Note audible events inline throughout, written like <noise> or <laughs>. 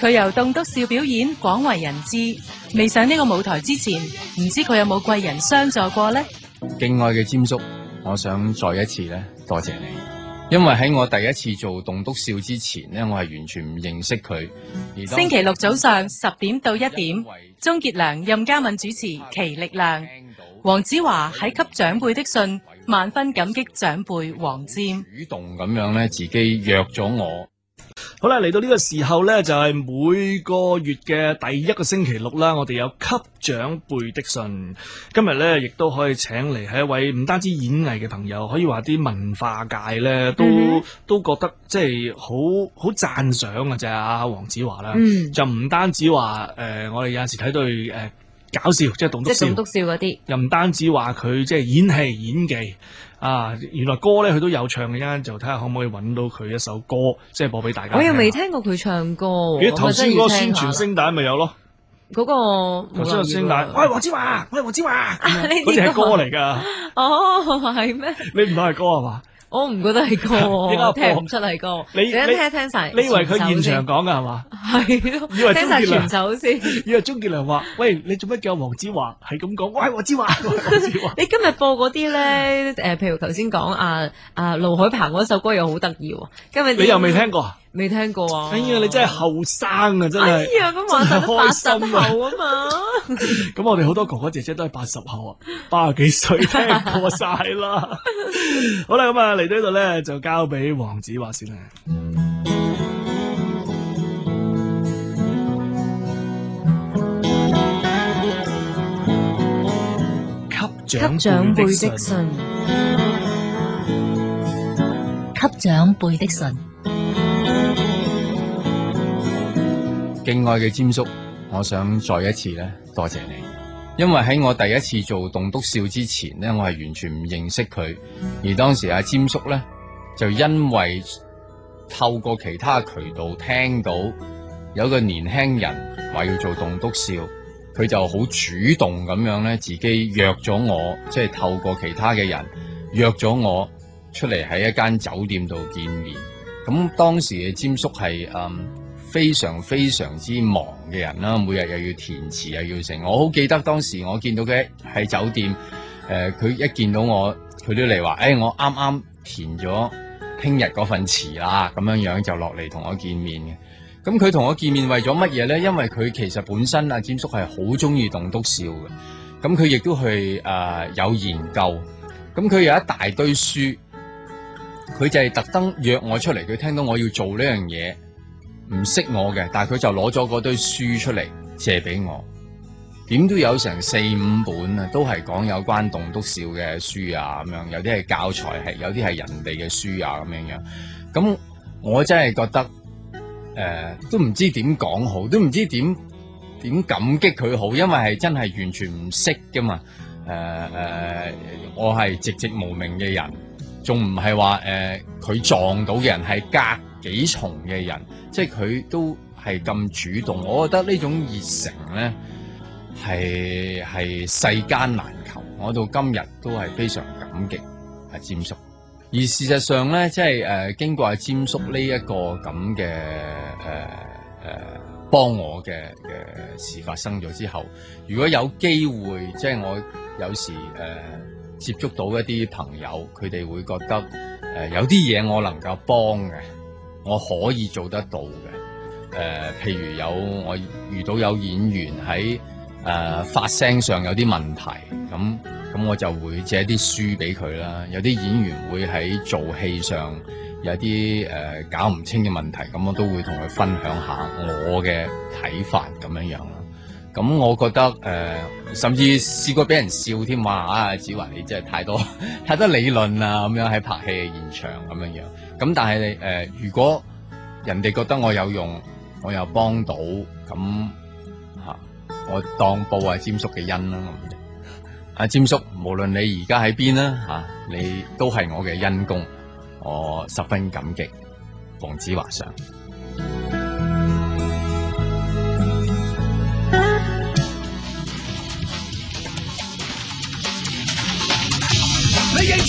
佢由棟篤笑表演廣為人知，未上呢個舞台之前，唔知佢有冇貴人相助過呢？敬愛嘅詹叔，我想再一次呢多謝你，因為喺我第一次做棟篤笑之前呢我係完全唔認識佢。星期六早上十點到一點，鍾杰良、任嘉敏主持《耆力量》，黃子華喺給長輩的信，萬分感激長輩黃詹主動咁樣咧，自己約咗我。好啦，嚟到呢個時候呢，就係每個月嘅第一個星期六啦。我哋有給長輩的信，今日呢亦都可以請嚟係一位唔單止演藝嘅朋友，可以話啲文化界呢都都覺得即係好好讚賞嘅啫啊！就係黃子華啦，嗯、就唔單止話誒、呃，我哋有陣時睇到佢、呃、搞笑，即係棟篤笑，啲，又唔單止話佢即係演戲演技。啊，原來歌呢佢都有唱嘅，一陣就睇下可唔可以揾到佢一首歌，即係播俾大家。我又未聽過佢唱歌、啊，咦，頭先嗰個宣傳聲帶咪有咯，嗰個頭先個聲帶，喂黃子華，喂黃子華，嗰啲係歌嚟噶。 <laughs> 哦，係咩？你唔係歌係嘛？我唔覺得係歌，聽唔出係歌。你聽聽晒，你以為佢現場講㗎係嘛？係咯。的 <laughs> 聽晒全首先。以為鍾杰良話， <laughs> 喂，你做乜叫黃子華係咁講？我係黃子華。 <laughs> 子華 <laughs> 你今日播嗰啲咧，誒、呃，譬如頭先講啊啊，盧海鵬嗰首歌又好得意。今日你又未聽過？ <laughs> 未聽過啊！哎呀，你真係後生啊！真係，咁玩得開心啊嘛！咁 <laughs> <laughs> 我哋好多哥哥姐姐都係八十後啊，八十幾歲聽過晒啦！ <laughs> <laughs> 好啦，咁啊嚟到這裡呢度咧，就交俾黃子華先啦。給長輩的信，給長輩的信。敬愛嘅詹叔，我想再一次咧，多謝你，因為喺我第一次做棟篤笑之前呢，我係完全唔認識佢，而當時阿詹叔呢，就因為透過其他渠道聽到有個年輕人話要做棟篤笑，佢就好主動咁樣呢自己約咗我，即係透過其他嘅人約咗我出嚟喺一間酒店度見面，咁當時嘅詹叔係嗯。非常非常之忙嘅人啦，每日又要填詞又要成。我好記得當時我見到佢喺酒店，誒、呃、佢一見到我，佢都嚟話，誒、哎、我啱啱填咗聽日嗰份詞啦，咁樣樣就落嚟同我見面嘅。咁佢同我見面為咗乜嘢呢？因為佢其實本身阿占叔係好中意棟篤笑嘅，咁佢亦都係誒有研究。咁佢有一大堆書，佢就係特登約我出嚟。佢聽到我要做呢樣嘢。唔識我嘅，但係佢就攞咗嗰堆書出嚟借俾我，點都有成四五本啊，都係講有關棟篤笑嘅書啊，咁樣有啲係教材，係有啲係人哋嘅書啊，咁樣樣。咁我真係覺得，誒、呃，都唔知點講好，都唔知點點感激佢好，因為係真係完全唔識噶嘛，誒、呃、誒、呃，我係籍籍無名嘅人。仲唔係話誒，佢、呃、撞到嘅人係隔幾重嘅人，即係佢都係咁主動。我覺得呢種熱誠呢係係世間難求。我到今日都係非常感激阿詹叔。而事實上呢，即係誒、呃、經過阿詹叔呢一個咁嘅誒誒幫我嘅嘅事發生咗之後，如果有機會，即係我有時誒、呃接觸到一啲朋友，佢哋會覺得誒、呃、有啲嘢我能夠幫嘅，我可以做得到嘅。誒、呃、譬如有我遇到有演員喺誒、呃、發聲上有啲問題，咁咁我就會借啲書俾佢啦。有啲演員會喺做戲上有啲誒、呃、搞唔清嘅問題，咁我都會同佢分享下我嘅睇法咁樣樣。咁我覺得誒、呃，甚至試過俾人笑添話，啊，子華你真係太多太多理論啦，咁樣喺拍戲嘅現場咁樣樣。咁但係誒、呃，如果人哋覺得我有用，我又幫到，咁、啊、我當報啊詹叔嘅恩啦。阿詹叔，無論你而家喺邊啦嚇，你都係我嘅恩公，我十分感激。黃子華上。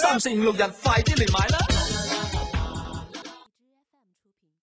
三四五六日，快啲嚟買啦！